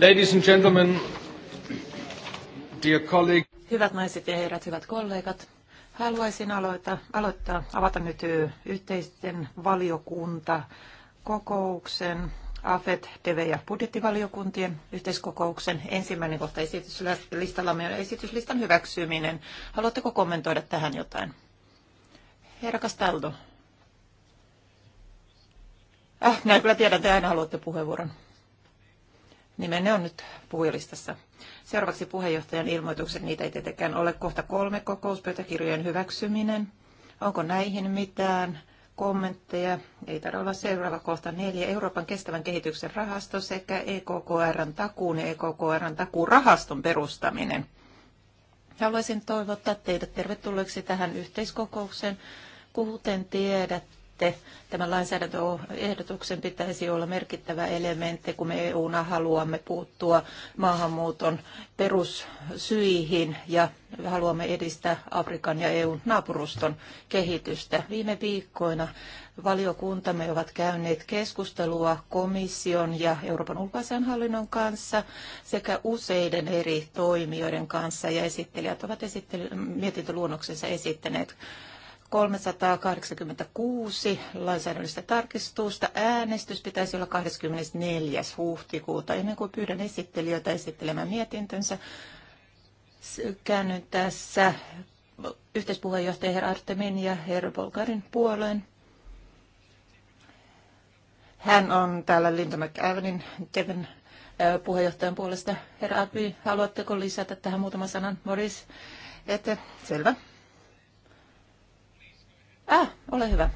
Ladies and gentlemen, dear colleagues, Hyvät naiset ja herrat, hyvät kollegat. Haluaisin aloita, aloittaa, avata nyt yhteisten valiokunta kokouksen AFET, TV ja budjettivaliokuntien yhteiskokouksen ensimmäinen kohta esityslistallamme on esityslistan hyväksyminen. Haluatteko kommentoida tähän jotain? Herra Castaldo. Äh, minä kyllä tiedän, te aina haluatte puheenvuoron. Nimenne on nyt puhujalistassa. Seuraavaksi puheenjohtajan ilmoitukset, niitä ei tietenkään ole. Kohta kolme kokouspöytäkirjojen hyväksyminen. Onko näihin mitään kommentteja? Ei tarvitse olla seuraava kohta neljä. Euroopan kestävän kehityksen rahasto sekä EKKRn takuun ja EKKRn rahaston perustaminen. Haluaisin toivottaa teidät tervetulleeksi tähän yhteiskokoukseen. Kuten tiedätte, sitten tämän lainsäädäntöehdotuksen pitäisi olla merkittävä elementti, kun me EUna haluamme puuttua maahanmuuton perussyihin ja haluamme edistää Afrikan ja EUn naapuruston kehitystä. Viime viikkoina valiokuntamme ovat käyneet keskustelua komission ja Euroopan ulkoasianhallinnon kanssa sekä useiden eri toimijoiden kanssa ja esittelijät ovat esittely, mietintöluonnoksensa esittäneet 386 lainsäädännöllistä tarkistusta. Äänestys pitäisi olla 24. huhtikuuta. Ennen kuin pyydän esittelijöitä esittelemään mietintönsä, käännyn tässä yhteispuheenjohtaja herra Artemin ja herra Bolgarin puoleen. Hän on täällä Linda McAvenin Kevin puheenjohtajan puolesta. Herra Agvi, haluatteko lisätä tähän muutaman sanan? Morris, ette? Selvä. Ah, ole hyvä.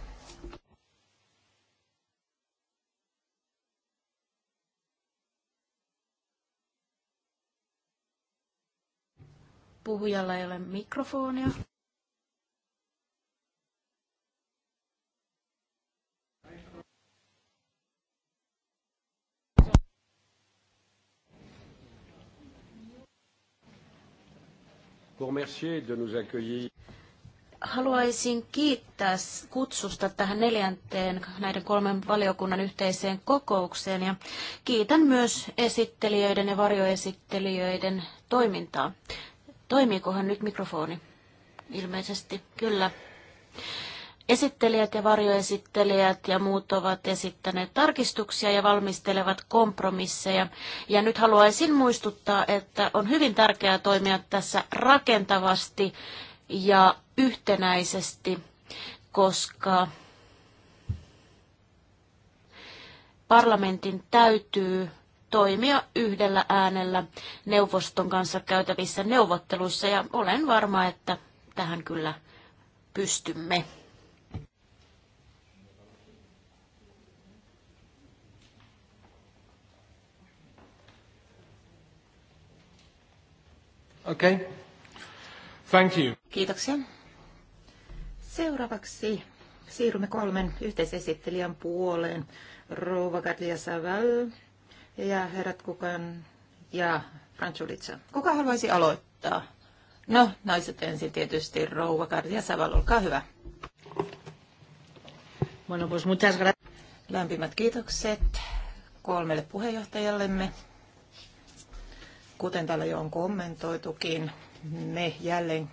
Puhujalla ei ole mikrofonia. Pour remercier de nous accueillir haluaisin kiittää kutsusta tähän neljänteen näiden kolmen valiokunnan yhteiseen kokoukseen ja kiitän myös esittelijöiden ja varjoesittelijöiden toimintaa. Toimiikohan nyt mikrofoni? Ilmeisesti kyllä. Esittelijät ja varjoesittelijät ja muut ovat esittäneet tarkistuksia ja valmistelevat kompromisseja. Ja nyt haluaisin muistuttaa, että on hyvin tärkeää toimia tässä rakentavasti ja yhtenäisesti, koska parlamentin täytyy toimia yhdellä äänellä neuvoston kanssa käytävissä neuvotteluissa ja olen varma, että tähän kyllä pystymme. Okay. Thank you. Kiitoksia. Seuraavaksi siirrymme kolmen yhteisesittelijän puoleen. Rouva Katja Saval ja herrat Kukan ja Franchulitsa. Kuka haluaisi aloittaa? No, naiset ensin tietysti. Rouva Katja Saval, olkaa hyvä. Bueno, pues muchas gracias. Lämpimät kiitokset kolmelle puheenjohtajallemme. Kuten täällä jo on kommentoitukin, me jälleen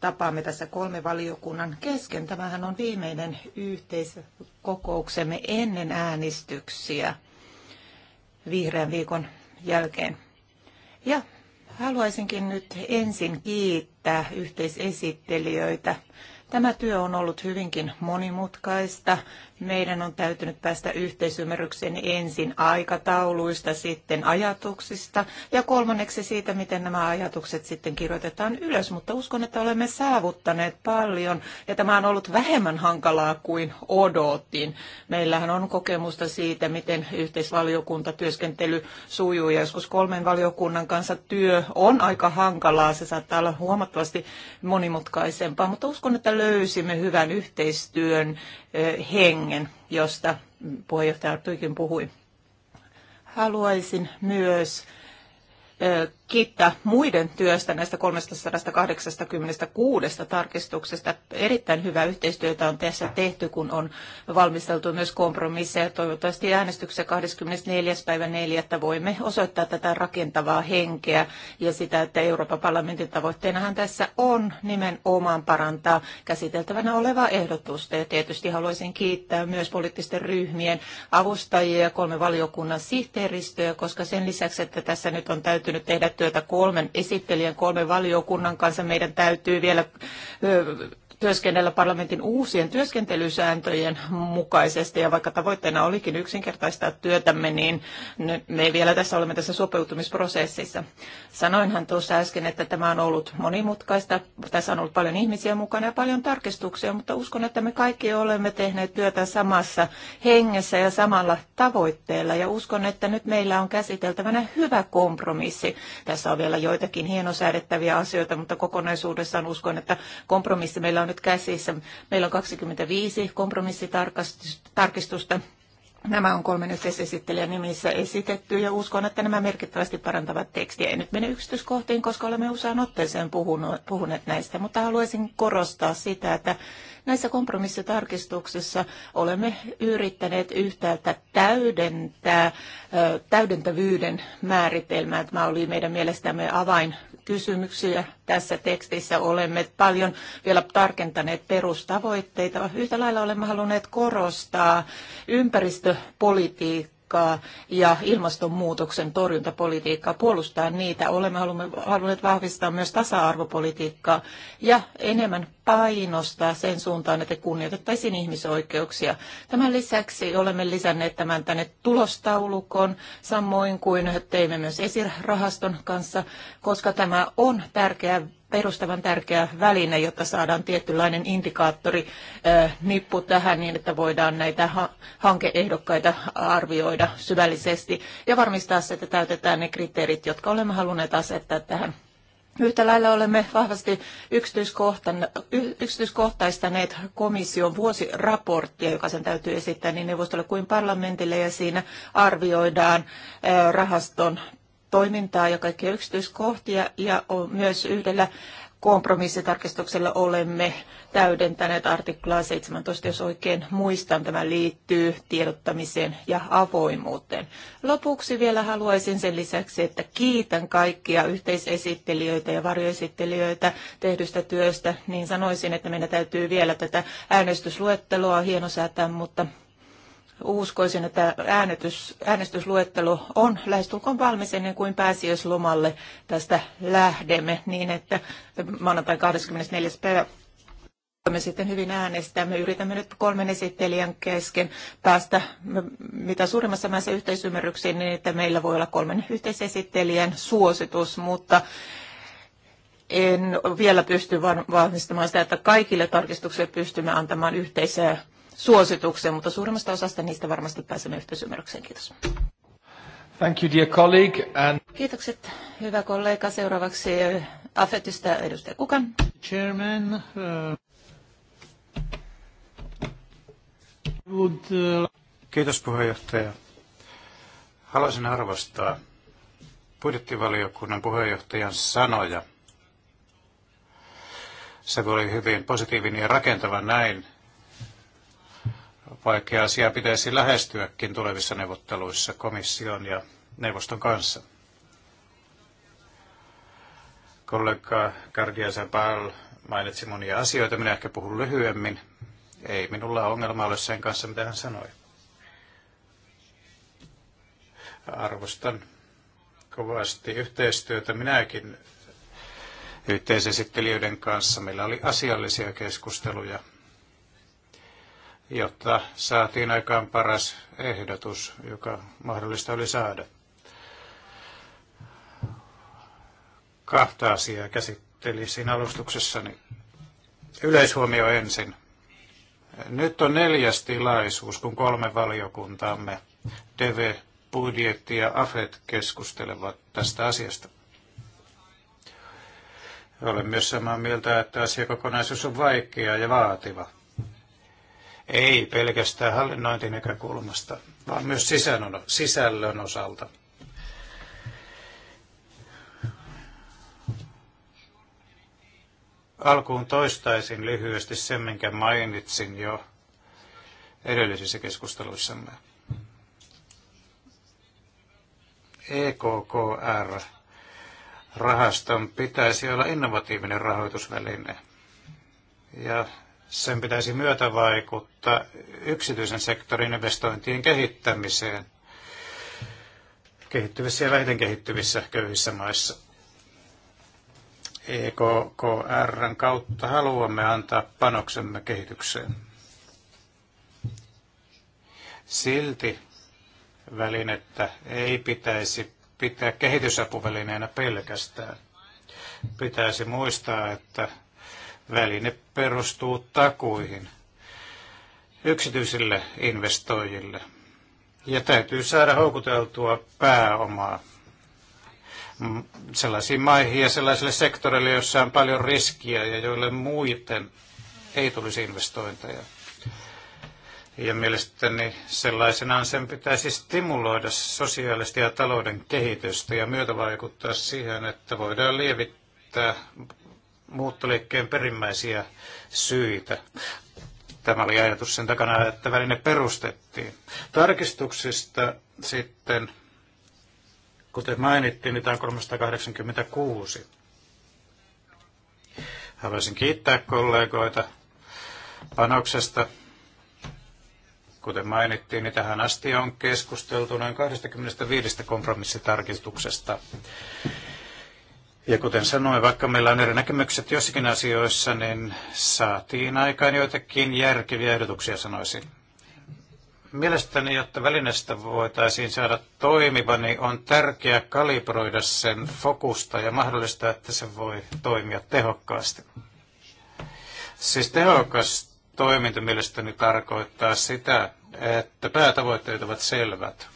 tapaamme tässä kolme valiokunnan kesken. Tämähän on viimeinen yhteiskokouksemme ennen äänestyksiä vihreän viikon jälkeen. Ja haluaisinkin nyt ensin kiittää yhteisesittelijöitä Tämä työ on ollut hyvinkin monimutkaista. Meidän on täytynyt päästä yhteisymmärrykseen ensin aikatauluista, sitten ajatuksista ja kolmanneksi siitä, miten nämä ajatukset sitten kirjoitetaan ylös. Mutta uskon, että olemme saavuttaneet paljon ja tämä on ollut vähemmän hankalaa kuin odotin. Meillähän on kokemusta siitä, miten yhteisvaliokuntatyöskentely sujuu ja joskus kolmen valiokunnan kanssa työ on aika hankalaa. Se saattaa olla huomattavasti monimutkaisempaa, mutta uskon, että löysimme hyvän yhteistyön eh, hengen, josta puheenjohtaja Artuikin puhui. Haluaisin myös eh, kiittää muiden työstä näistä 386 tarkistuksesta. Erittäin hyvää yhteistyötä on tässä tehty, kun on valmisteltu myös kompromisseja. Toivottavasti äänestyksessä 24. päivä 4. voimme osoittaa tätä rakentavaa henkeä ja sitä, että Euroopan parlamentin tavoitteenahan tässä on nimenomaan parantaa käsiteltävänä olevaa ehdotusta. Ja tietysti haluaisin kiittää myös poliittisten ryhmien avustajia ja kolme valiokunnan sihteeristöä, koska sen lisäksi, että tässä nyt on täytynyt tehdä yhteistyötä kolmen esittelijän, kolmen valiokunnan kanssa. Meidän täytyy vielä työskennellä parlamentin uusien työskentelysääntöjen mukaisesti. Ja vaikka tavoitteena olikin yksinkertaistaa työtämme, niin me vielä tässä olemme tässä sopeutumisprosessissa. Sanoinhan tuossa äsken, että tämä on ollut monimutkaista. Tässä on ollut paljon ihmisiä mukana ja paljon tarkistuksia, mutta uskon, että me kaikki olemme tehneet työtä samassa hengessä ja samalla tavoitteella. Ja uskon, että nyt meillä on käsiteltävänä hyvä kompromissi. Tässä on vielä joitakin hienosäädettäviä asioita, mutta kokonaisuudessaan uskon, että kompromissi meillä on nyt käsissä. Meillä on 25 kompromissitarkistusta. Nämä on kolmen yhteisesittelijän nimissä esitetty ja uskon, että nämä merkittävästi parantavat tekstiä. En nyt mene yksityiskohtiin, koska olemme usein otteeseen puhuneet näistä, mutta haluaisin korostaa sitä, että Näissä kompromissitarkistuksissa olemme yrittäneet yhtäältä täydentää täydentävyyden määritelmää. Tämä oli meidän mielestämme avain kysymyksiä tässä tekstissä. Olemme paljon vielä tarkentaneet perustavoitteita. Yhtä lailla olemme halunneet korostaa ympäristöpolitiikkaa politiikkaa ja ilmastonmuutoksen torjuntapolitiikkaa, puolustaa niitä. Olemme halunneet vahvistaa myös tasa-arvopolitiikkaa ja enemmän painostaa sen suuntaan, että kunnioitettaisiin ihmisoikeuksia. Tämän lisäksi olemme lisänneet tämän tänne tulostaulukon, samoin kuin teimme myös esirahaston kanssa, koska tämä on tärkeä perustavan tärkeä väline, jotta saadaan tietynlainen indikaattori äh, nippu tähän niin, että voidaan näitä hankeehdokkaita arvioida syvällisesti ja varmistaa se, että täytetään ne kriteerit, jotka olemme halunneet asettaa tähän Yhtä lailla olemme vahvasti yksityiskohtaistaneet komission vuosiraporttia, joka sen täytyy esittää niin neuvostolle kuin parlamentille, ja siinä arvioidaan äh, rahaston toimintaa ja kaikkia yksityiskohtia ja on myös yhdellä kompromissitarkistuksella olemme täydentäneet artiklaa 17, jos oikein muistan, tämä liittyy tiedottamiseen ja avoimuuteen. Lopuksi vielä haluaisin sen lisäksi, että kiitän kaikkia yhteisesittelijöitä ja varjoesittelijöitä tehdystä työstä, niin sanoisin, että meidän täytyy vielä tätä äänestysluetteloa hienosäätää, mutta uskoisin, että äänestys, äänestysluettelo on lähestulkoon valmis ennen kuin pääsiäislomalle tästä lähdemme niin, että maanantai 24. päivä me sitten hyvin äänestämme. Yritämme nyt kolmen esittelijän kesken päästä mitä suurimmassa määrässä yhteisymmärryksiin niin, että meillä voi olla kolmen yhteisesittelijän suositus, mutta en vielä pysty vahvistamaan sitä, että kaikille tarkistuksille pystymme antamaan yhteisiä suosituksia, mutta suurimmasta osasta niistä varmasti pääsemme yhteisymmärrykseen. Kiitos. Thank you, dear colleague. And... Kiitokset, hyvä kollega. Seuraavaksi eh, Afetista edustaja Kukan. Chairman, uh... Would, uh... Kiitos puheenjohtaja. Haluaisin arvostaa budjettivaliokunnan puheenjohtajan sanoja. Se oli hyvin positiivinen ja rakentava näin vaikea asia pitäisi lähestyäkin tulevissa neuvotteluissa komission ja neuvoston kanssa. Kollega Gardia Zabal mainitsi monia asioita, minä ehkä puhun lyhyemmin. Ei minulla ongelma ole sen kanssa, mitä hän sanoi. Arvostan kovasti yhteistyötä minäkin yhteisesittelijöiden kanssa. Meillä oli asiallisia keskusteluja jotta saatiin aikaan paras ehdotus, joka mahdollista oli saada. Kahta asiaa käsittelisin alustuksessani. Yleishuomio ensin. Nyt on neljäs tilaisuus, kun kolme valiokuntaamme, DV, budjetti ja AFET keskustelevat tästä asiasta. Olen myös samaa mieltä, että asiakokonaisuus on vaikea ja vaativa ei pelkästään hallinnointinäkökulmasta, vaan myös sisällön, sisällön osalta. Alkuun toistaisin lyhyesti sen, minkä mainitsin jo edellisissä keskusteluissamme. EKKR-rahaston pitäisi olla innovatiivinen rahoitusväline. Ja sen pitäisi myötävaikuttaa yksityisen sektorin investointien kehittämiseen kehittyvissä ja vähiten kehittyvissä köyhissä maissa. EKKRn kautta haluamme antaa panoksemme kehitykseen. Silti välinettä ei pitäisi pitää kehitysapuvälineenä pelkästään. Pitäisi muistaa, että väline perustuu takuihin yksityisille investoijille. Ja täytyy saada houkuteltua pääomaa sellaisiin maihin ja sellaisille sektoreille, joissa on paljon riskiä ja joille muuten ei tulisi investointeja. Ja mielestäni sellaisenaan sen pitäisi stimuloida sosiaalista ja talouden kehitystä ja myötävaikuttaa siihen, että voidaan lievittää muuttoliikkeen perimmäisiä syitä. Tämä oli ajatus sen takana, että väline perustettiin. Tarkistuksista sitten, kuten mainittiin, niitä on 386. Haluaisin kiittää kollegoita panoksesta. Kuten mainittiin, niin tähän asti on keskusteltu noin 25 kompromissitarkistuksesta. Ja kuten sanoin, vaikka meillä on eri näkemykset jossakin asioissa, niin saatiin aikaan joitakin järkeviä ehdotuksia, sanoisin. Mielestäni, jotta välineestä voitaisiin saada toimiva, niin on tärkeää kalibroida sen fokusta ja mahdollista, että se voi toimia tehokkaasti. Siis tehokas toiminta mielestäni tarkoittaa sitä, että päätavoitteet ovat selvät,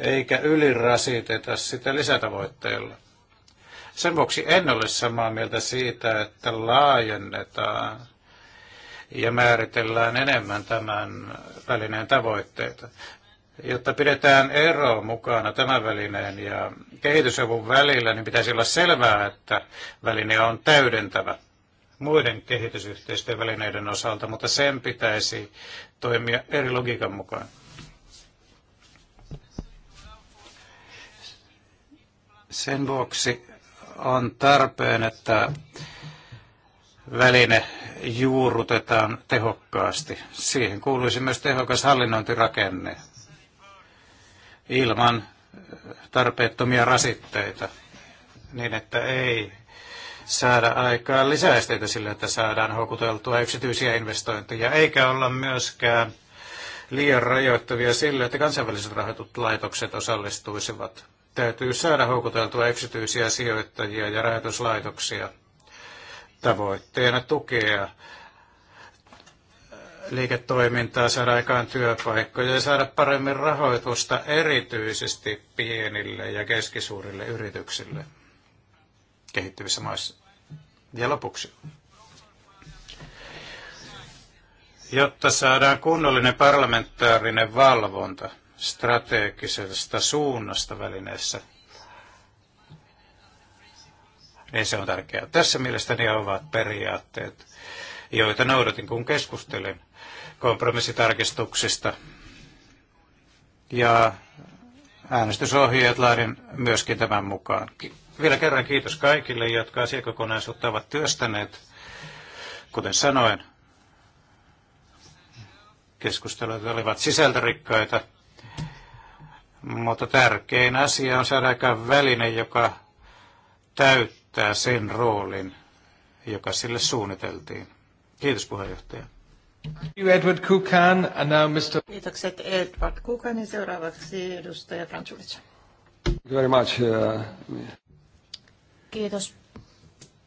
eikä ylirasiteta sitä lisätavoitteilla. Sen vuoksi en ole samaa mieltä siitä, että laajennetaan ja määritellään enemmän tämän välineen tavoitteita. Jotta pidetään ero mukana tämän välineen ja kehitysavun välillä, niin pitäisi olla selvää, että väline on täydentävä muiden välineiden osalta, mutta sen pitäisi toimia eri logiikan mukaan. Sen vuoksi on tarpeen, että väline juurrutetaan tehokkaasti. Siihen kuuluisi myös tehokas hallinnointirakenne ilman äh, tarpeettomia rasitteita, niin että ei saada aikaan lisäesteitä sille, että saadaan houkuteltua yksityisiä investointeja, eikä olla myöskään liian rajoittavia sille, että kansainväliset rahoituslaitokset osallistuisivat täytyy saada houkuteltua yksityisiä sijoittajia ja rahoituslaitoksia tavoitteena tukea liiketoimintaa, saada aikaan työpaikkoja ja saada paremmin rahoitusta erityisesti pienille ja keskisuurille yrityksille kehittyvissä maissa. Ja lopuksi. Jotta saadaan kunnollinen parlamentaarinen valvonta – strategisesta suunnasta välineessä, niin se on tärkeää. Tässä mielestäni ovat periaatteet, joita noudatin, kun keskustelin kompromissitarkistuksista. Ja äänestysohjeet laadin myöskin tämän mukaan. Vielä kerran kiitos kaikille, jotka asiakokonaisuutta ovat työstäneet. Kuten sanoin, keskustelut olivat sisältörikkaita. Mutta tärkein asia on saada aika väline, joka täyttää sen roolin, joka sille suunniteltiin. Kiitos puheenjohtaja. Edward Kukan, and now Mr. Kiitokset Edward Kukan ja seuraavaksi edustaja Fransulic. Uh, very much. Uh, Kiitos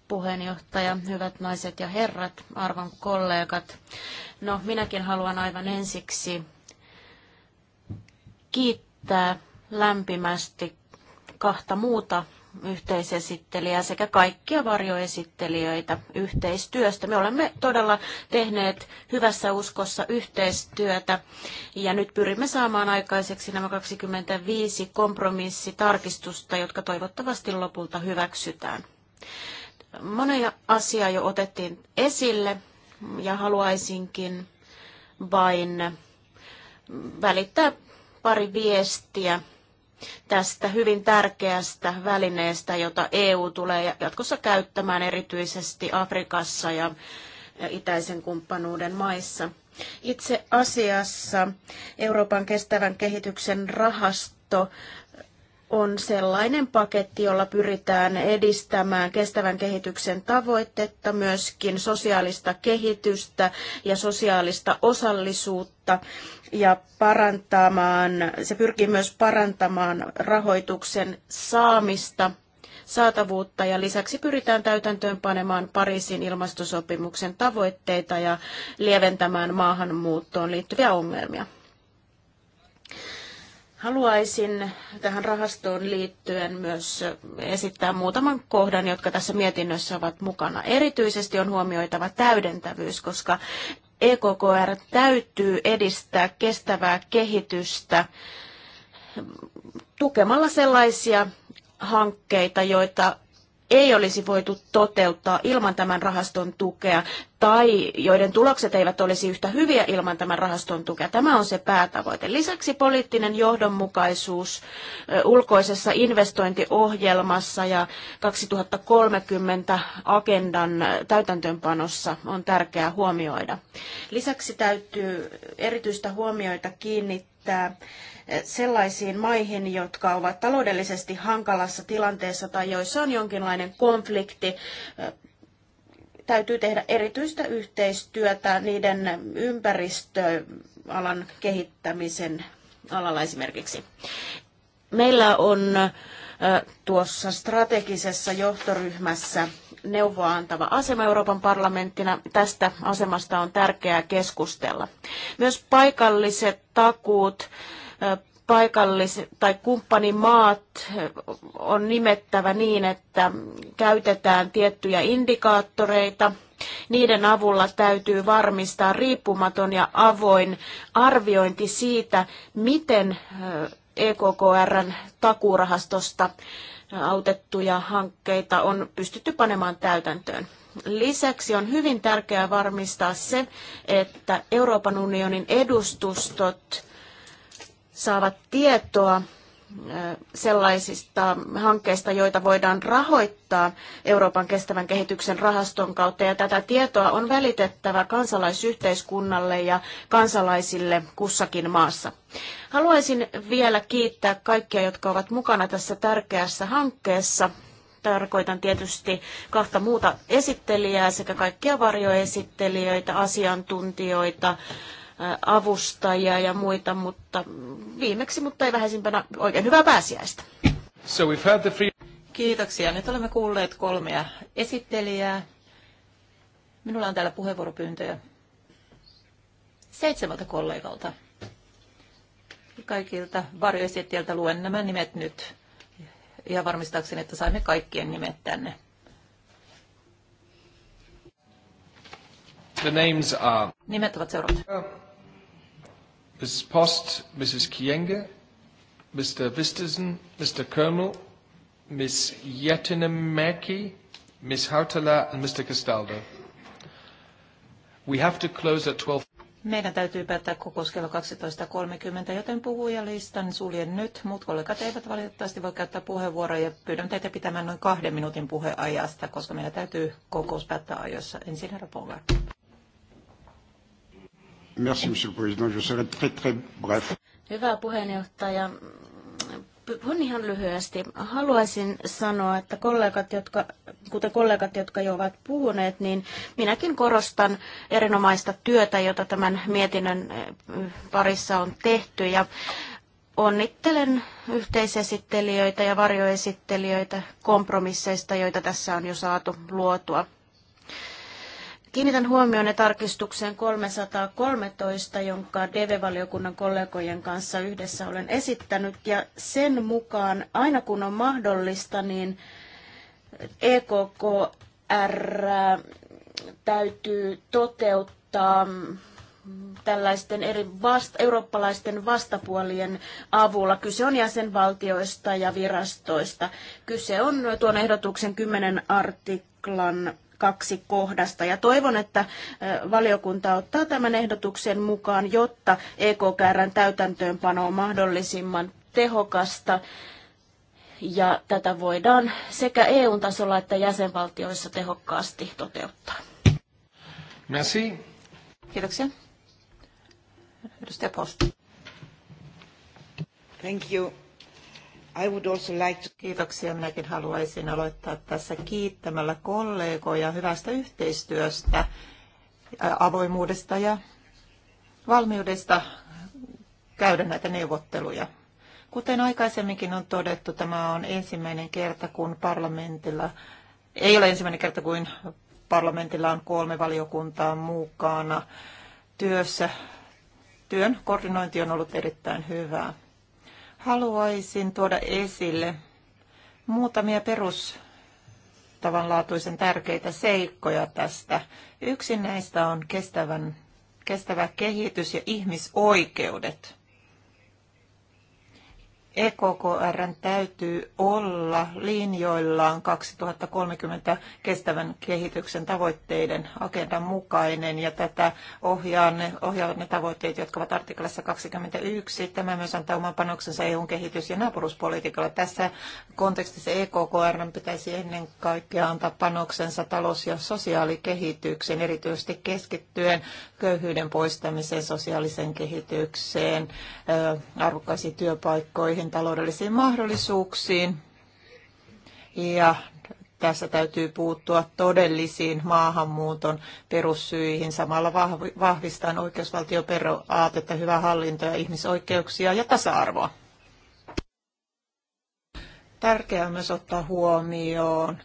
puheenjohtaja, hyvät naiset ja herrat, arvon kollegat. No, minäkin haluan aivan ensiksi kiittää kiittää lämpimästi kahta muuta yhteisesittelijää sekä kaikkia varjoesittelijöitä yhteistyöstä. Me olemme todella tehneet hyvässä uskossa yhteistyötä ja nyt pyrimme saamaan aikaiseksi nämä 25 kompromissitarkistusta, jotka toivottavasti lopulta hyväksytään. Monia asiaa jo otettiin esille ja haluaisinkin vain välittää pari viestiä tästä hyvin tärkeästä välineestä, jota EU tulee jatkossa käyttämään erityisesti Afrikassa ja itäisen kumppanuuden maissa. Itse asiassa Euroopan kestävän kehityksen rahasto on sellainen paketti, jolla pyritään edistämään kestävän kehityksen tavoitetta, myöskin sosiaalista kehitystä ja sosiaalista osallisuutta ja parantamaan, se pyrkii myös parantamaan rahoituksen saamista saatavuutta ja lisäksi pyritään täytäntöön panemaan Pariisin ilmastosopimuksen tavoitteita ja lieventämään maahanmuuttoon liittyviä ongelmia. Haluaisin tähän rahastoon liittyen myös esittää muutaman kohdan, jotka tässä mietinnössä ovat mukana. Erityisesti on huomioitava täydentävyys, koska EKKR täytyy edistää kestävää kehitystä tukemalla sellaisia hankkeita, joita ei olisi voitu toteuttaa ilman tämän rahaston tukea tai joiden tulokset eivät olisi yhtä hyviä ilman tämän rahaston tukea. Tämä on se päätavoite. Lisäksi poliittinen johdonmukaisuus ulkoisessa investointiohjelmassa ja 2030 agendan täytäntöönpanossa on tärkeää huomioida. Lisäksi täytyy erityistä huomioita kiinnittää kiinnittää sellaisiin maihin, jotka ovat taloudellisesti hankalassa tilanteessa tai joissa on jonkinlainen konflikti. Täytyy tehdä erityistä yhteistyötä niiden ympäristöalan kehittämisen alalla esimerkiksi. Meillä on tuossa strategisessa johtoryhmässä neuvoa antava asema Euroopan parlamenttina. Tästä asemasta on tärkeää keskustella. Myös paikalliset takuut paikallis- tai kumppanimaat on nimettävä niin, että käytetään tiettyjä indikaattoreita. Niiden avulla täytyy varmistaa riippumaton ja avoin arviointi siitä, miten EKKRn takuurahastosta autettuja hankkeita on pystytty panemaan täytäntöön. Lisäksi on hyvin tärkeää varmistaa se, että Euroopan unionin edustustot saavat tietoa sellaisista hankkeista, joita voidaan rahoittaa Euroopan kestävän kehityksen rahaston kautta. Ja tätä tietoa on välitettävä kansalaisyhteiskunnalle ja kansalaisille kussakin maassa. Haluaisin vielä kiittää kaikkia, jotka ovat mukana tässä tärkeässä hankkeessa. Tarkoitan tietysti kahta muuta esittelijää sekä kaikkia varjoesittelijöitä, asiantuntijoita, avustajia ja muita, mutta viimeksi, mutta ei vähäisimpänä oikein hyvää pääsiäistä. So we've had the free... Kiitoksia. Nyt olemme kuulleet kolmea esittelijää. Minulla on täällä puheenvuoropyyntöjä seitsemältä kollegalta. Kaikilta varjoesittijältä luen nämä nimet nyt ja varmistaakseni, että saimme kaikkien nimet tänne. The names are... Nimet ovat seuraavat. Uh, Post, Mrs. Kienge, Mr. Vistesen, Mr. Ms. Ms. Hautala and Mr. Castaldo. We have to close at 12. Meidän täytyy päättää kokous kello 12.30, joten puhujalistan suljen nyt. Muut kollegat eivät valitettavasti voi käyttää puheenvuoroja ja pyydän teitä pitämään noin kahden minuutin puheajasta, koska meidän täytyy kokous päättää ajoissa. Ensin herra Pongar. Merci, monsieur le président. Je serai très, très bref. Hyvä puheenjohtaja. Puhun ihan lyhyesti. Haluaisin sanoa, että kollegat, jotka, kuten kollegat, jotka jo ovat puhuneet, niin minäkin korostan erinomaista työtä, jota tämän mietinnön eh, parissa on tehty. Ja onnittelen yhteisesittelijöitä ja varjoesittelijöitä kompromisseista, joita tässä on jo saatu luotua. Kiinnitän huomioon tarkistukseen 313, jonka DV-valiokunnan kollegojen kanssa yhdessä olen esittänyt. Ja sen mukaan, aina kun on mahdollista, niin EKKR täytyy toteuttaa tällaisten eri vasta, eurooppalaisten vastapuolien avulla. Kyse on jäsenvaltioista ja virastoista. Kyse on tuon ehdotuksen 10 artiklan kaksi kohdasta. Ja toivon, että valiokunta ottaa tämän ehdotuksen mukaan, jotta EKKRn täytäntöönpano on mahdollisimman tehokasta ja tätä voidaan sekä EU-tasolla että jäsenvaltioissa tehokkaasti toteuttaa. Merci. Kiitoksia. Edustaja Post. Thank you. I would also like to... Kiitoksia. Minäkin haluaisin aloittaa tässä kiittämällä kollegoja hyvästä yhteistyöstä, avoimuudesta ja valmiudesta käydä näitä neuvotteluja. Kuten aikaisemminkin on todettu, tämä on ensimmäinen kerta, kun parlamentilla, ei ole ensimmäinen kerta, kuin parlamentilla on kolme valiokuntaa mukana työssä. Työn koordinointi on ollut erittäin hyvää. Haluaisin tuoda esille muutamia perustavanlaatuisen tärkeitä seikkoja tästä. Yksi näistä on kestävän, kestävä kehitys ja ihmisoikeudet. EKKRn täytyy olla linjoillaan 2030 kestävän kehityksen tavoitteiden agendan mukainen ja tätä ohjaa ne, ohjaa ne tavoitteet, jotka ovat artiklassa 21. Tämä myös antaa oman panoksensa EUn kehitys- ja naapuruspolitiikalla. Tässä kontekstissa EKKRn pitäisi ennen kaikkea antaa panoksensa talous- ja sosiaalikehitykseen, erityisesti keskittyen köyhyyden poistamiseen, sosiaaliseen kehitykseen, arvokkaisiin työpaikkoihin, niihin taloudellisiin mahdollisuuksiin. Ja tässä täytyy puuttua todellisiin maahanmuuton perussyihin samalla vahvistaen oikeusvaltioperoaatetta, hyvää hallintoa, ihmisoikeuksia ja tasa-arvoa. Tärkeää on myös ottaa huomioon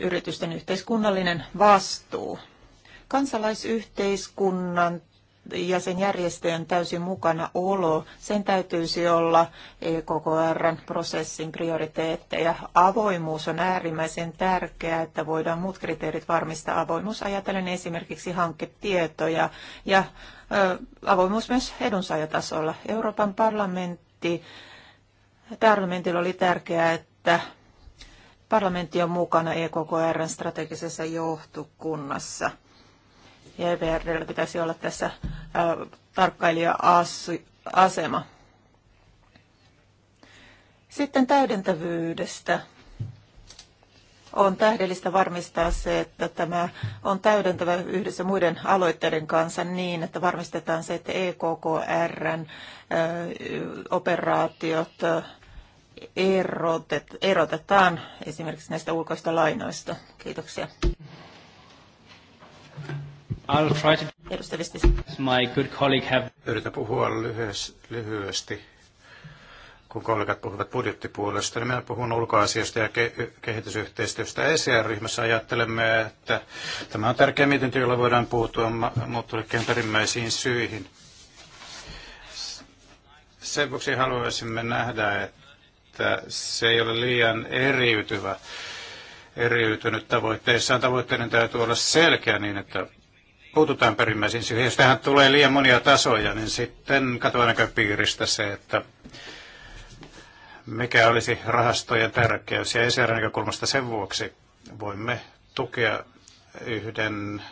yritysten yhteiskunnallinen vastuu. Kansalaisyhteiskunnan ja sen järjestöjen täysin mukana olo, sen täytyisi olla ekkr prosessin prioriteetteja. Avoimuus on äärimmäisen tärkeää, että voidaan muut kriteerit varmistaa. Avoimuus ajatellen esimerkiksi hanketietoja ja avoimuus myös edunsaajatasolla. Euroopan parlamentti, parlamentilla oli tärkeää, että parlamentti on mukana ekkr strategisessa johtokunnassa – ja EVRllä pitäisi olla tässä tarkkailija-asema. Sitten täydentävyydestä. On tähdellistä varmistaa se, että tämä on täydentävä yhdessä muiden aloitteiden kanssa niin, että varmistetaan se, että EKKRn operaatiot erotetaan esimerkiksi näistä ulkoista lainoista. Kiitoksia. I'll try to... My good colleague have... Yritän puhua lyhyesti kun kollegat puhuvat budjettipuolesta, niin minä puhun ulkoasiasta ja ke- kehitysyhteistyöstä. ECR-ryhmässä ajattelemme, että tämä on tärkeä mietintö, jolla voidaan puuttua muuttoliikkeen perimmäisiin syihin. Sen vuoksi haluaisimme nähdä, että se ei ole liian eriytyvä, eriytynyt tavoitteissaan. Tavoitteiden täytyy olla selkeä niin, että puututaan perimmäisiin syihin. Jos tähän tulee liian monia tasoja, niin sitten katoaa näköpiiristä se, että mikä olisi rahastojen tärkeys. Ja ECR näkökulmasta sen vuoksi voimme tukea yhden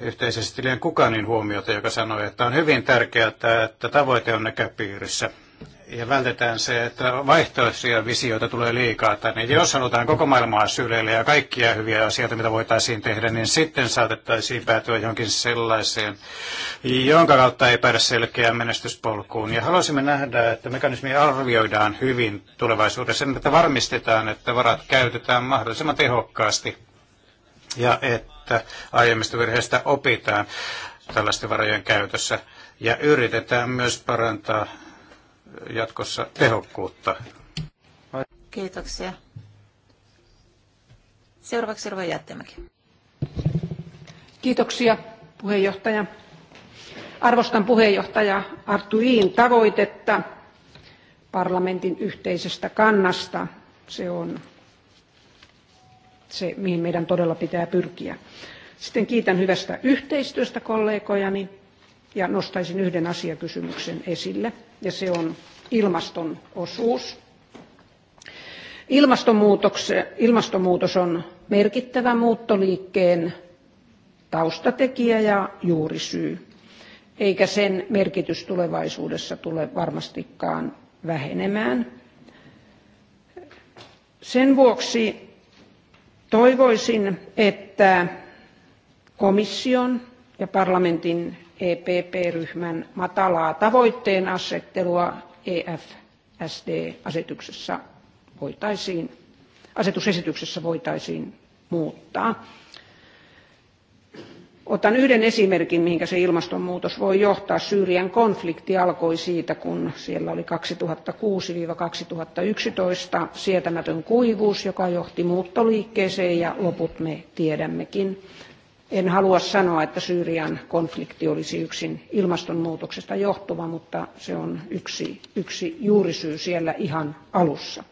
yhteisesti liian kukanin huomiota, joka sanoi, että on hyvin tärkeää, että tavoite on näköpiirissä – ja vältetään se, että vaihtoehtoisia visioita tulee liikaa tänne. Jos halutaan koko maailmaa syleille ja kaikkia hyviä asioita, mitä voitaisiin tehdä, niin sitten saatettaisiin päätyä johonkin sellaiseen, jonka kautta ei päädä selkeään menestyspolkuun. Ja haluaisimme nähdä, että mekanismi arvioidaan hyvin tulevaisuudessa, että varmistetaan, että varat käytetään mahdollisimman tehokkaasti ja että aiemmista virheistä opitaan tällaisten varojen käytössä. Ja yritetään myös parantaa jatkossa tehokkuutta. Kiitoksia. Seuraavaksi Rova Jättemäki. Kiitoksia puheenjohtaja. Arvostan puheenjohtaja Artuin tavoitetta parlamentin yhteisestä kannasta. Se on se, mihin meidän todella pitää pyrkiä. Sitten kiitän hyvästä yhteistyöstä kollegojani ja nostaisin yhden asiakysymyksen esille, ja se on ilmaston osuus. Ilmastonmuutos, on merkittävä muuttoliikkeen taustatekijä ja juurisyy, eikä sen merkitys tulevaisuudessa tule varmastikaan vähenemään. Sen vuoksi toivoisin, että komission ja parlamentin EPP-ryhmän matalaa tavoitteen asettelua EFSD-asetuksessa voitaisiin, asetusesityksessä voitaisiin muuttaa. Otan yhden esimerkin, mihin se ilmastonmuutos voi johtaa. Syyrian konflikti alkoi siitä, kun siellä oli 2006-2011 sietämätön kuivuus, joka johti muuttoliikkeeseen ja loput me tiedämmekin. En halua sanoa, että Syyrian konflikti olisi yksin ilmastonmuutoksesta johtuva, mutta se on yksi, yksi juurisyy siellä ihan alussa.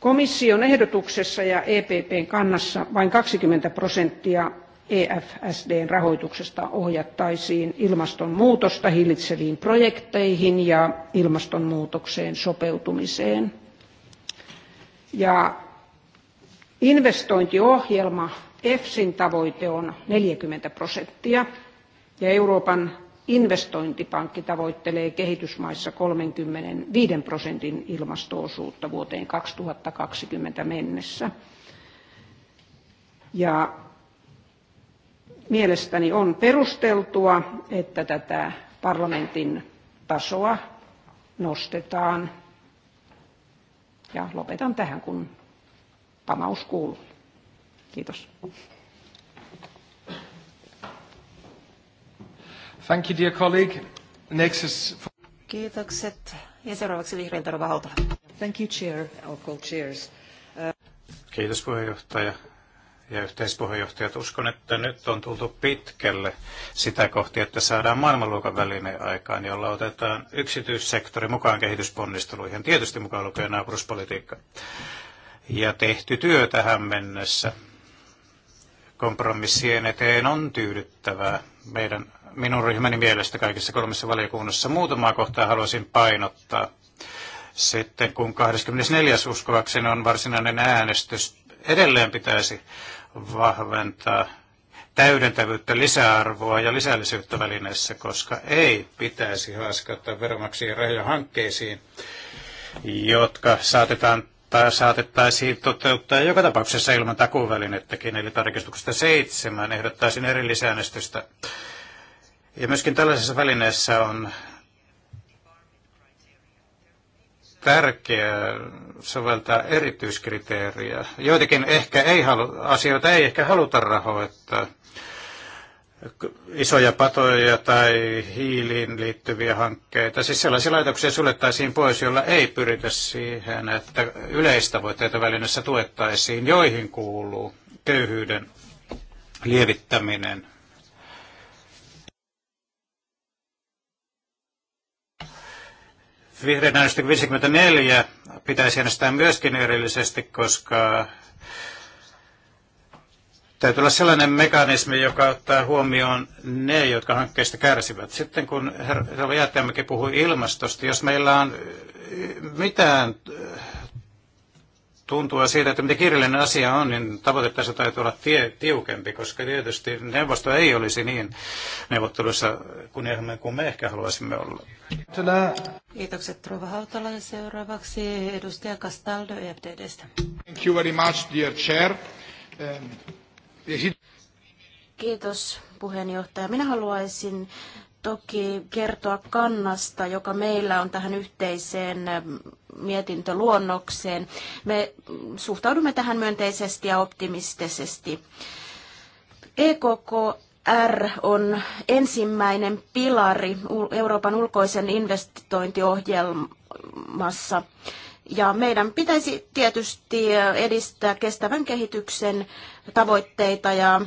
Komission ehdotuksessa ja EPPn kannassa vain 20 prosenttia EFSDn rahoituksesta ohjattaisiin ilmastonmuutosta hillitseviin projekteihin ja ilmastonmuutokseen sopeutumiseen. Ja investointiohjelma EFSin tavoite on 40 prosenttia ja Euroopan investointipankki tavoittelee kehitysmaissa 35 prosentin ilmastoosuutta vuoteen 2020 mennessä. Ja mielestäni on perusteltua, että tätä parlamentin tasoa nostetaan. Ja lopetan tähän, kun pamaus kuuluu. Kiitos. Thank you, dear colleague. Next is... Kiitokset. Ja seuraavaksi vihreän tarva Thank you, chair, or co-chairs. Uh... Kiitos puheenjohtaja ja yhteispuheenjohtajat. Uskon, että nyt on tultu pitkälle sitä kohti, että saadaan maailmanluokan väline aikaan, jolla otetaan yksityissektori mukaan kehitysponnisteluihin, tietysti mukaan lukee naapuruspolitiikka. Ja tehty työ tähän mennessä kompromissien eteen on tyydyttävää meidän, minun ryhmäni mielestä kaikissa kolmessa valiokunnassa. Muutamaa kohtaa haluaisin painottaa. Sitten kun 24. uskovakseni on varsinainen äänestys, edelleen pitäisi vahventaa täydentävyyttä, lisäarvoa ja lisällisyyttä välineessä, koska ei pitäisi haaskata veromaksien rajoja hankkeisiin, jotka saatetaan tai saatettaisiin toteuttaa joka tapauksessa ilman takuvälinettäkin, eli tarkistuksesta seitsemän ehdottaisin erillisäänestystä. Ja myöskin tällaisessa välineessä on tärkeää soveltaa erityiskriteeriä. Joitakin ehkä ei halu, asioita ei ehkä haluta rahoittaa isoja patoja tai hiiliin liittyviä hankkeita. Siis sellaisia laitoksia suljettaisiin pois, joilla ei pyritä siihen, että yleistavoitteita välineessä tuettaisiin, joihin kuuluu köyhyyden lievittäminen. Vihreän äänestö 54 pitäisi äänestää myöskin erillisesti, koska Täytyy olla sellainen mekanismi, joka ottaa huomioon ne, jotka hankkeista kärsivät. Sitten kun herra Jäätämäki puhui ilmastosta, jos meillä on mitään äh, tuntua siitä, että mitä kirjallinen asia on, niin tavoitetaso täytyy olla tie, tiukempi, koska tietysti neuvosto ei olisi niin neuvottelussa kunnianhimoinen kuin me ehkä haluaisimme olla. Kiitokset Rova Hautala ja seuraavaksi edustaja Castaldo EFDDstä. Thank you very much, dear chair. Um... Kiitos puheenjohtaja. Minä haluaisin toki kertoa kannasta, joka meillä on tähän yhteiseen ähm, mietintöluonnokseen. Me suhtaudumme tähän myönteisesti ja optimistisesti. E R on ensimmäinen pilari Euroopan ulkoisen investointiohjelmassa. Ja meidän pitäisi tietysti edistää kestävän kehityksen tavoitteita ja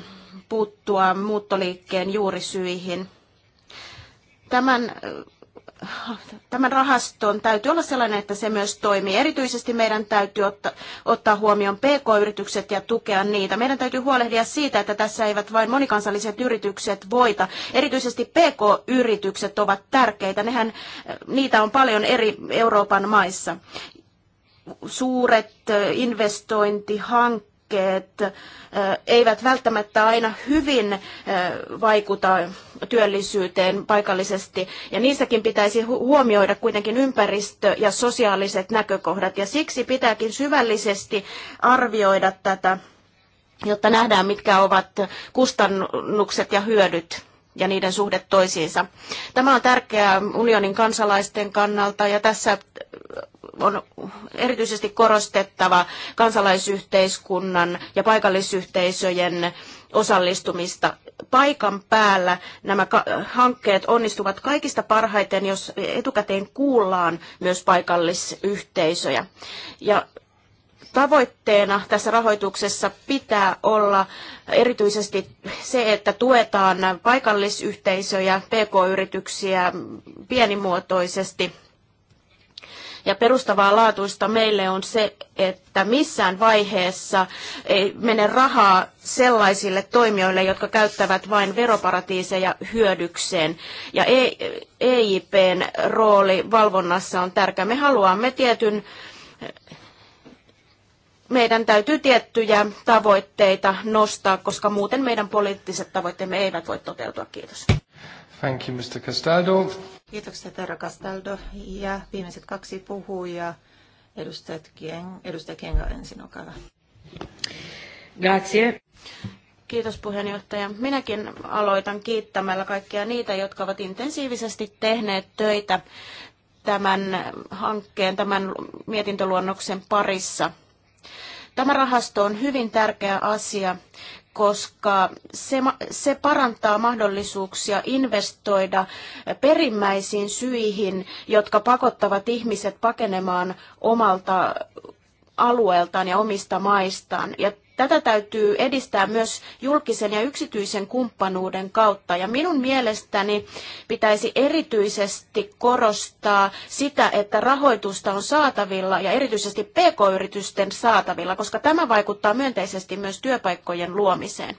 puuttua muuttoliikkeen juurisyihin. Tämän, tämän rahaston täytyy olla sellainen, että se myös toimii. Erityisesti meidän täytyy otta, ottaa huomioon PK-yritykset ja tukea niitä. Meidän täytyy huolehtia siitä, että tässä eivät vain monikansalliset yritykset voita. Erityisesti PK-yritykset ovat tärkeitä. Nehän, niitä on paljon eri Euroopan maissa suuret investointihankkeet eivät välttämättä aina hyvin vaikuta työllisyyteen paikallisesti. Ja niissäkin pitäisi huomioida kuitenkin ympäristö- ja sosiaaliset näkökohdat. Ja siksi pitääkin syvällisesti arvioida tätä, jotta nähdään, mitkä ovat kustannukset ja hyödyt ja niiden suhde toisiinsa. Tämä on tärkeää unionin kansalaisten kannalta ja tässä on erityisesti korostettava kansalaisyhteiskunnan ja paikallisyhteisöjen osallistumista. Paikan päällä nämä hankkeet onnistuvat kaikista parhaiten, jos etukäteen kuullaan myös paikallisyhteisöjä. Ja tavoitteena tässä rahoituksessa pitää olla erityisesti se, että tuetaan paikallisyhteisöjä, pk-yrityksiä pienimuotoisesti ja perustavaa laatuista meille on se, että missään vaiheessa ei mene rahaa sellaisille toimijoille, jotka käyttävät vain veroparatiiseja hyödykseen. Ja EIPn e rooli valvonnassa on tärkeä. Me haluamme tietyn meidän täytyy tiettyjä tavoitteita nostaa, koska muuten meidän poliittiset tavoitteemme eivät voi toteutua. Kiitos. Thank you, Mr. Castaldo. herra Castaldo. Ja viimeiset kaksi puhujaa. Edustajat Kien, edustaja Kenga ensin, olkaa Grazie. Kiitos puheenjohtaja. Minäkin aloitan kiittämällä kaikkia niitä, jotka ovat intensiivisesti tehneet töitä tämän hankkeen, tämän mietintöluonnoksen parissa. Tämä rahasto on hyvin tärkeä asia, koska se, se parantaa mahdollisuuksia investoida perimmäisiin syihin, jotka pakottavat ihmiset pakenemaan omalta alueeltaan ja omista maistaan. Ja Tätä täytyy edistää myös julkisen ja yksityisen kumppanuuden kautta. Ja minun mielestäni pitäisi erityisesti korostaa sitä, että rahoitusta on saatavilla ja erityisesti pk-yritysten saatavilla, koska tämä vaikuttaa myönteisesti myös työpaikkojen luomiseen.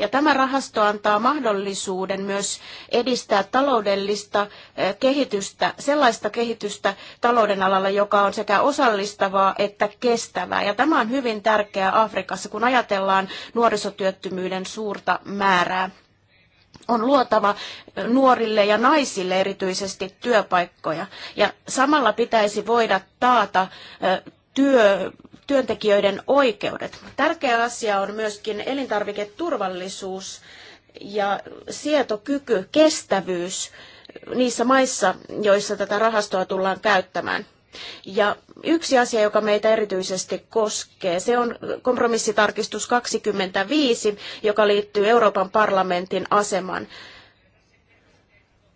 Ja tämä rahasto antaa mahdollisuuden myös edistää taloudellista eh, kehitystä, sellaista kehitystä talouden alalla, joka on sekä osallistavaa että kestävää. Ja tämä on hyvin tärkeää Afrikassa, kun ajatellaan nuorisotyöttömyyden suurta määrää on luotava eh, nuorille ja naisille erityisesti työpaikkoja. Ja samalla pitäisi voida taata eh, työ, työntekijöiden oikeudet. Tärkeä asia on myöskin elintarviketurvallisuus ja sietokyky, kestävyys niissä maissa, joissa tätä rahastoa tullaan käyttämään. Ja yksi asia, joka meitä erityisesti koskee, se on kompromissitarkistus 25, joka liittyy Euroopan parlamentin asemaan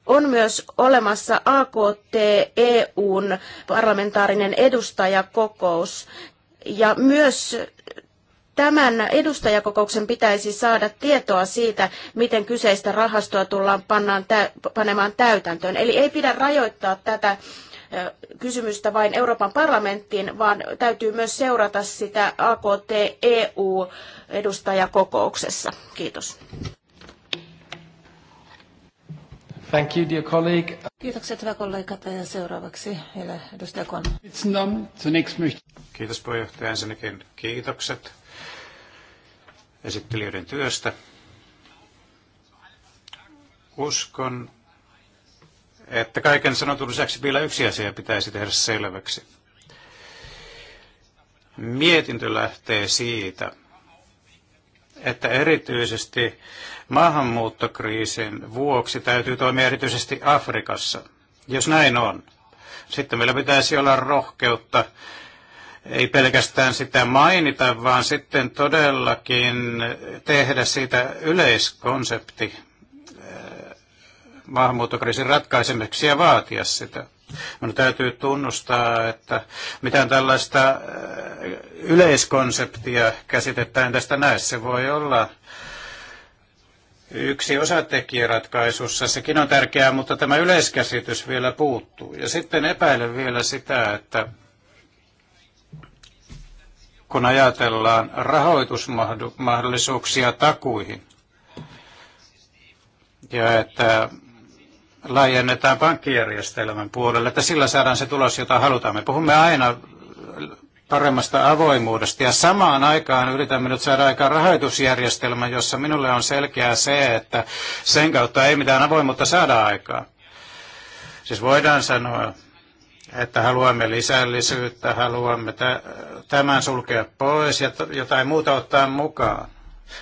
on myös olemassa AKT EUn parlamentaarinen edustajakokous. Ja myös tämän edustajakokouksen pitäisi saada tietoa siitä, miten kyseistä rahastoa tullaan pannaan panemaan täytäntöön. Eli ei pidä rajoittaa tätä kysymystä vain Euroopan parlamenttiin, vaan täytyy myös seurata sitä AKT EU-edustajakokouksessa. Kiitos. Thank you, dear colleague. Kiitokset, hyvä kollega. Ja seuraavaksi vielä edustaja Kon. Kiitos puheenjohtaja. Ensinnäkin kiitokset esittelijöiden työstä. Uskon, että kaiken sanotun lisäksi vielä yksi asia pitäisi tehdä selväksi. Mietintö lähtee siitä, että erityisesti maahanmuuttokriisin vuoksi täytyy toimia erityisesti Afrikassa. Jos näin on, sitten meillä pitäisi olla rohkeutta ei pelkästään sitä mainita, vaan sitten todellakin tehdä siitä yleiskonsepti eh, maahanmuuttokriisin ratkaisemiseksi ja vaatia sitä. Minun täytyy tunnustaa, että mitään tällaista äh, yleiskonseptia käsitettä tästä näe. Se voi olla yksi osatekijä ratkaisussa. Sekin on tärkeää, mutta tämä yleiskäsitys vielä puuttuu. Ja sitten epäilen vielä sitä, että kun ajatellaan rahoitusmahdollisuuksia takuihin, ja että laajennetaan pankkijärjestelmän puolelle, että sillä saadaan se tulos, jota halutaan. Me puhumme aina paremmasta avoimuudesta ja samaan aikaan yritämme nyt saada aikaan rahoitusjärjestelmän, jossa minulle on selkeää se, että sen kautta ei mitään avoimuutta saada aikaa. Siis voidaan sanoa, että haluamme lisällisyyttä, haluamme tämän sulkea pois ja jotain muuta ottaa mukaan.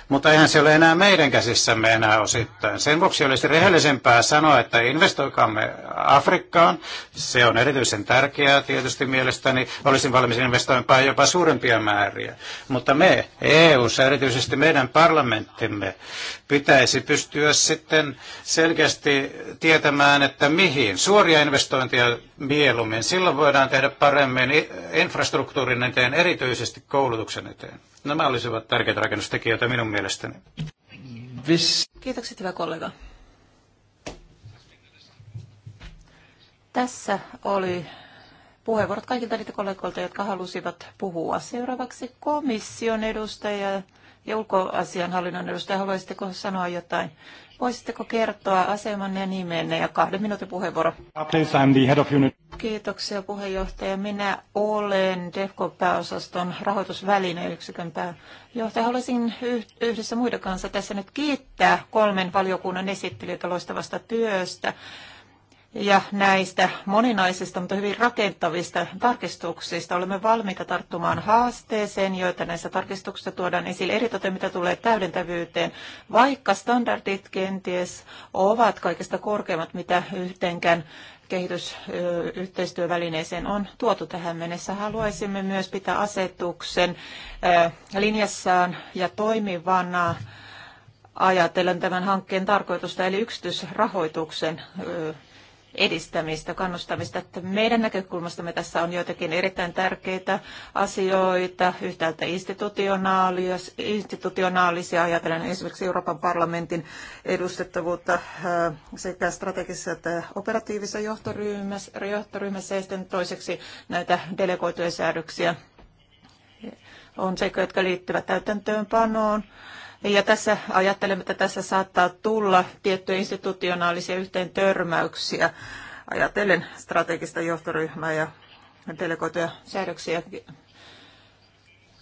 Mutta eihän se ole enää meidän käsissämme enää osittain. Sen vuoksi olisi rehellisempää sanoa, että investoikaamme Afrikkaan. Se on erityisen tärkeää tietysti mielestäni. Olisin valmis investoimaan jopa suurempia määriä. Mutta me EU-ssa, erityisesti meidän parlamenttimme, pitäisi pystyä sitten selkeästi tietämään, että mihin. Suoria investointeja mieluummin. Silloin voidaan tehdä paremmin infrastruktuurin eteen, erityisesti koulutuksen eteen. Nämä olisivat tärkeitä rakennustekijöitä minun mielestäni. Vis. Kiitokset, hyvä kollega. Tässä oli puheenvuorot kaikilta niitä kollegoilta, jotka halusivat puhua. Seuraavaksi komission edustaja ja ulkoasianhallinnon edustaja, haluaisitteko sanoa jotain? Voisitteko kertoa asemanne ja nimenne ja kahden minuutin puheenvuoro? I'm the head of unit. Kiitoksia puheenjohtaja. Minä olen DEFCO-pääosaston rahoitusvälineyksikön pääjohtaja. Haluaisin yhdessä muiden kanssa tässä nyt kiittää kolmen valiokunnan esittelijöitä loistavasta työstä ja näistä moninaisista, mutta hyvin rakentavista tarkistuksista. Olemme valmiita tarttumaan haasteeseen, joita näissä tarkistuksissa tuodaan esille, eritoten mitä tulee täydentävyyteen, vaikka standardit kenties ovat kaikista korkeimmat, mitä yhteenkään kehitysyhteistyövälineeseen on tuotu tähän mennessä. Haluaisimme myös pitää asetuksen linjassaan ja toimivana ajatellen tämän hankkeen tarkoitusta, eli yksityisrahoituksen edistämistä, kannustamista. Että meidän näkökulmastamme tässä on joitakin erittäin tärkeitä asioita, yhtäältä institutionaalisia, ajatellen esimerkiksi Euroopan parlamentin edustettavuutta äh, sekä strategisessa että operatiivisessa johtoryhmässä, johtoryhmässä ja sitten toiseksi näitä delegoituja säädöksiä on sekä, jotka liittyvät täytäntöönpanoon ja tässä ajattelemme, että tässä saattaa tulla tiettyjä institutionaalisia yhteen törmäyksiä ajatellen strategista johtoryhmää ja delegoituja säädöksiä.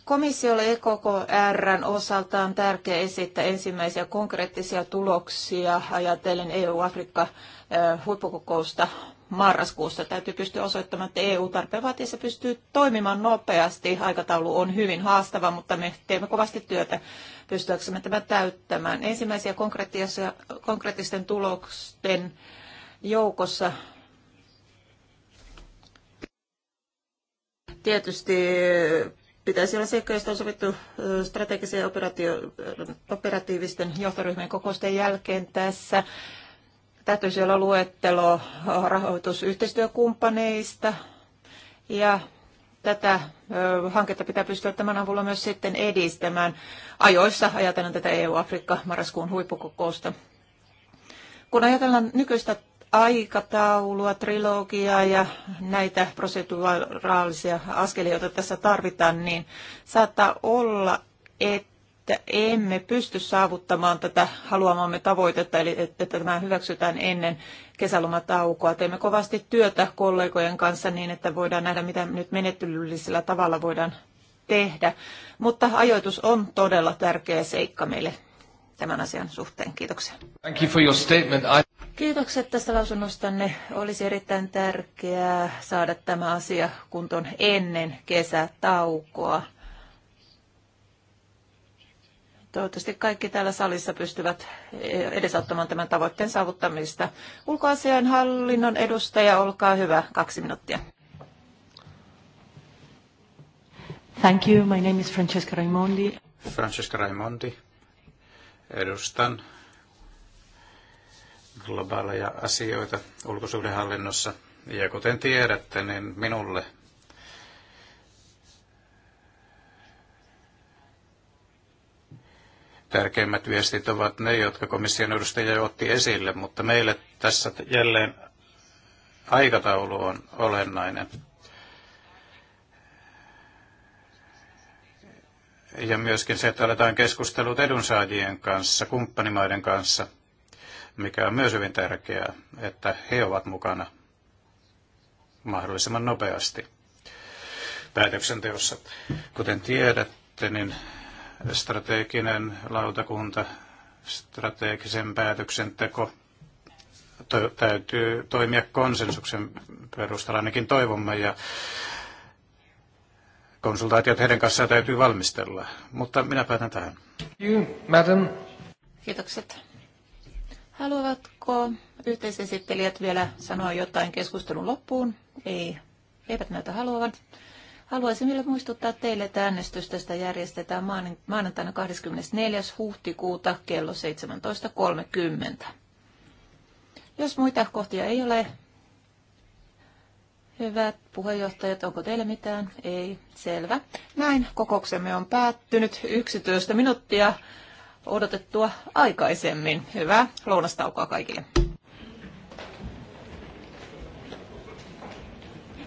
Komissiolle EKKR osalta on tärkeää esittää ensimmäisiä konkreettisia tuloksia ajatellen EU-Afrikka eh, huippukokousta marraskuussa. Täytyy pystyä osoittamaan, että EU tarpeen se pystyy toimimaan nopeasti. Aikataulu on hyvin haastava, mutta me teemme kovasti työtä pystyäksemme tämän täyttämään. Ensimmäisiä konkreettisten tulosten joukossa tietysti pitäisi olla seikka, josta on sovittu strategisen ja operatiivisten johtoryhmien kokousten jälkeen tässä. Täytyy siellä luettelo rahoitusyhteistyökumppaneista ja tätä hanketta pitää pystyä tämän avulla myös sitten edistämään ajoissa ajatellen tätä EU-Afrikka-marraskuun huippukokousta. Kun ajatellaan nykyistä aikataulua, trilogiaa ja näitä proseduraalisia askelia, joita tässä tarvitaan, niin saattaa olla, että että emme pysty saavuttamaan tätä haluamamme tavoitetta, eli että tämä hyväksytään ennen kesälomataukoa. Teemme kovasti työtä kollegojen kanssa niin, että voidaan nähdä, mitä nyt menettelyllisellä tavalla voidaan tehdä. Mutta ajoitus on todella tärkeä seikka meille tämän asian suhteen. Kiitoksia. Thank you for your statement. I... Kiitokset tästä lausunnostanne. Olisi erittäin tärkeää saada tämä asia kuntoon ennen kesätaukoa. Toivottavasti kaikki täällä salissa pystyvät edesauttamaan tämän tavoitteen saavuttamista. Ulkoasian hallinnon edustaja, olkaa hyvä, kaksi minuuttia. Thank you. My name is Francesca Raimondi. Francesca Raimondi. Edustan globaaleja asioita ulkosuhdehallinnossa. Ja kuten tiedätte, niin minulle Tärkeimmät viestit ovat ne, jotka komission edustaja jo otti esille, mutta meille tässä jälleen aikataulu on olennainen. Ja myöskin se, että aletaan keskustelut edunsaajien kanssa, kumppanimaiden kanssa, mikä on myös hyvin tärkeää, että he ovat mukana mahdollisimman nopeasti päätöksenteossa. Kuten tiedätte, niin strateginen lautakunta, strategisen päätöksenteko to, täytyy toimia konsensuksen perusteella, ainakin toivomme, ja konsultaatiot heidän kanssaan täytyy valmistella. Mutta minä päätän tähän. You, madam. Kiitokset. Haluavatko yhteisesittelijät vielä sanoa jotain keskustelun loppuun? Ei, eivät näytä haluavan. Haluaisin vielä muistuttaa teille, että äänestys tästä järjestetään maanantaina 24. huhtikuuta kello 17.30. Jos muita kohtia ei ole, hyvät puheenjohtajat, onko teille mitään? Ei, selvä. Näin kokouksemme on päättynyt 11 minuuttia odotettua aikaisemmin. Hyvää lounastaukoa kaikille.